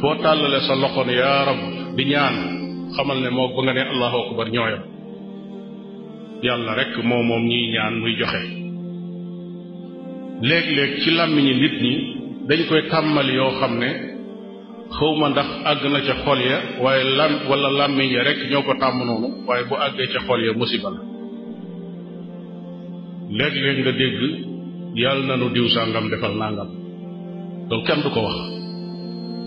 foo tàllale sa loxo ne yaa rab di ñaan xamal ne moo ba nga ne allahu akbar ñooyam yàlla rek moo moom ñiy ñaan muy joxe léeg-léeg ci làmmiñi nit ñi dañ koy tàmmali yoo xam ne xawma ndax àgg na ca xol ya waaye lam wala làmmiñ ya rek ñoo ko tàmm noonu waaye bu àggee ca xol ya musiba la léeg-léeg nga dégg yàlla na nu diw sàngam defal nangam loolu kenn du ko wax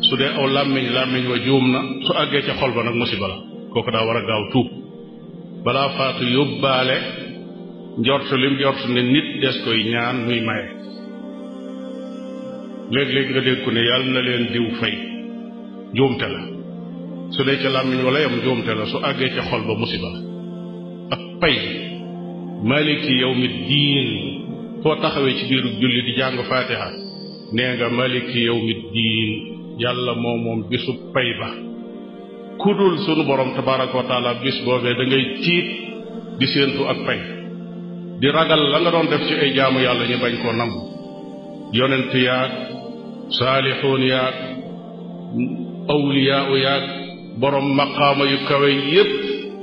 su dee aw làmmiñ làmmiñ wa juum na su àggee ca xol ba nag musiba la kooku daa war a gaaw tuub balaa faatu yóbbaale njortu lim njortu ne nit des koy ñaan muy maye léeg-léeg nga dégg ku ne yàlla na leen diw fay juumte la su dee ca làmmiñ wala yam juumte la su àggee ca xol ba musiba la ak pay maliki yawmi diin foo taxawee ci biiru julli di jàng faatiha nee nga maliki yawmi diin yàlla moo moom bisu pay ba kudul sunu borom tabaraka wa taala bis boobee da ngay di séentu ak pay di ragal la nga doon def ci ay jaamu yàlla ñu bañ koo nangu yonent yaag saalixuun yaag awliyaa yaag borom maqaama yu kawe yépp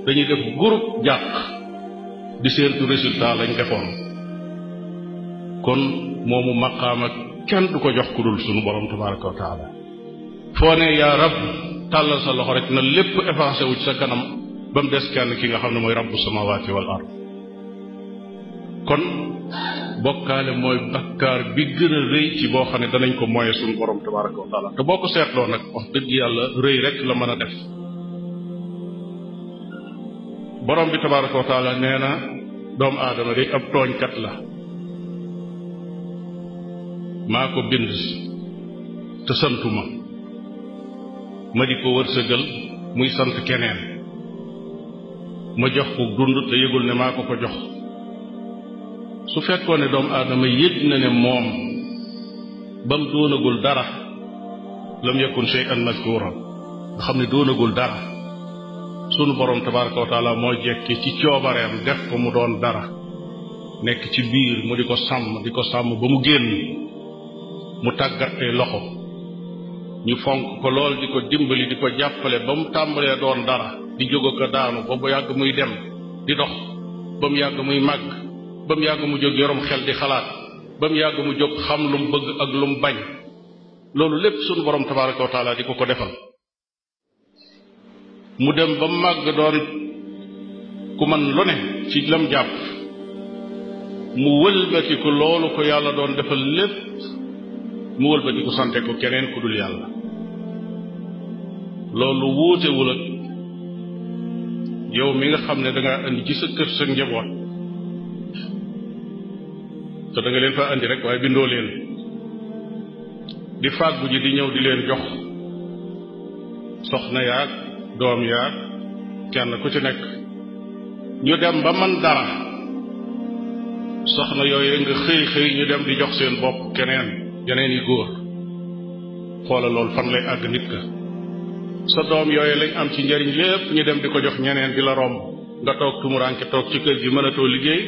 dañuy def groupe jàq di séentu résultat lañ defoon kon moomu maqaama kenn du ko jox kudul sunu borom tabaraka wa foo ne yaa rab tàllal sa loxo rek na lépp effacé wu ci sa kanam ba mu des kenn ki nga xam ne mooy rabbu samawaati wal ard kon bokkaale mooy bakkaar bi gën a rëy ci boo xam ne danañ ko moye suñu borom tabaraka wa taala te boo ko seetloo nag wax dëgg yàlla rëy rek la mën a def borom bi nee na doomu aadama day ab tooñkat la maa ko bind te santuma ma di ko wërsëgal muy sant keneen ma jox ko dund te yëgul ne maa ko ko jox su fekkoo ne doomu aadama yëg na ne moom ba mu doonagul dara lam yakun shay'an mazkuura nga xam ne doonagul dara sunu borom tabaraka wa moo jekki ci coobareem def ko mu doon dara nekk ci biir mu di ko sàmm di ko sàmm ba mu génn mu tàggat ay loxo ñu fonk ko lool di ko dimbali di ko jàppale ba mu tàmbalee doon dara di jóge ko daanu ba mu yàgg muy dem di dox ba mu yàgg muy màgg ba mu yàgg mu jóg yorom xel di xalaat ba mu yàgg mu jóg xam lu mu bëgg ak lu mu bañ loolu lépp sunu borom tabaraka wa di ko ko defal mu dem ba mu màgg doon ku man lu ne ci lam jàpp mu wëlbatiku loolu ko yàlla doon defal lépp mu wëlbati ku sante ko keneen ku dul yàlla loolu wuutewul yow mi nga xam ne dangaa indi ci sa kër sa njaboot te da leen faa indi rek waaye bindoo leen di fàggu ji di ñëw di leen jox soxna yaag doom yaag kenn ku ci nekk ñu dem ba man dara soxna yooyu nga xëy xëy ñu dem di jox seen bopp keneen yeneen i góor xoola loolu fan lay àgg nit ka sa doom yooyu lañ am ci njariñ lépp ñu dem di ko jox ñeneen di la romb nga toog tumuraanke toog ci kër gi mënatoo liggéey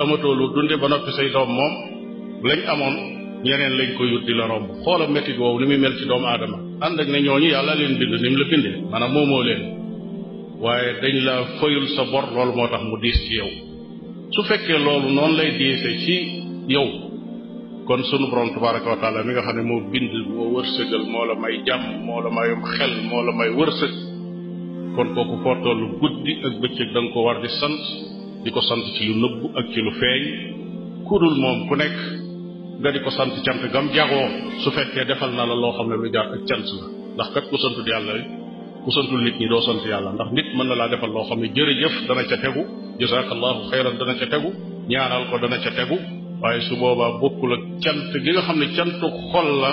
amatoo lu dunde ba noppi say doom moom lañ amoon ñeneen lañ ko yut di la romb xoola métti woowu ni muy mel ci doomu aadama ànd ak ne ñooñu yàlla leen bind ni mu la bindee maanaam moomoo leen waaye dañ la fayul sa bor loolu moo tax mu diis ci yow su fekkee loolu noonu lay diise ci yow kon sunu borom tabaraka wa taala mi nga xam ne moo bind moo wërsëgal moo la may jàmm moo la mayum xel moo la may wërsëg kon kooku foo toll guddi ak bëccëg da nga ko war di sant di ko sant ci lu nëbb ak ci lu feeñ kudul moom ku nekk nga di ko sant cant gam jagoo su fekkee defal naa la loo xam ne lu jaar ak cant la ndax kat ku santul yàlla ku santul nit ñi doo sant yàlla ndax nit mën na laa defal loo xam ne jërëjëf dana ca tegu jazakallahu xayran dana ca tegu ñaanal ko dana ca tegu waaye su boobaa bokkul ak cant gi nga xam ne cantu xol la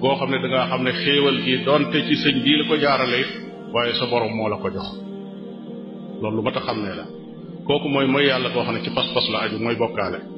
goo xam ne da ngaa xam ne xéewal gi donte ci sëñ bii la ko jaarale waaye sa borom moo la ko jox loolu lu mat a xam ne la kooku mooy mooy yàlla koo xam ne ci pas-pas la aju mooy bokkaale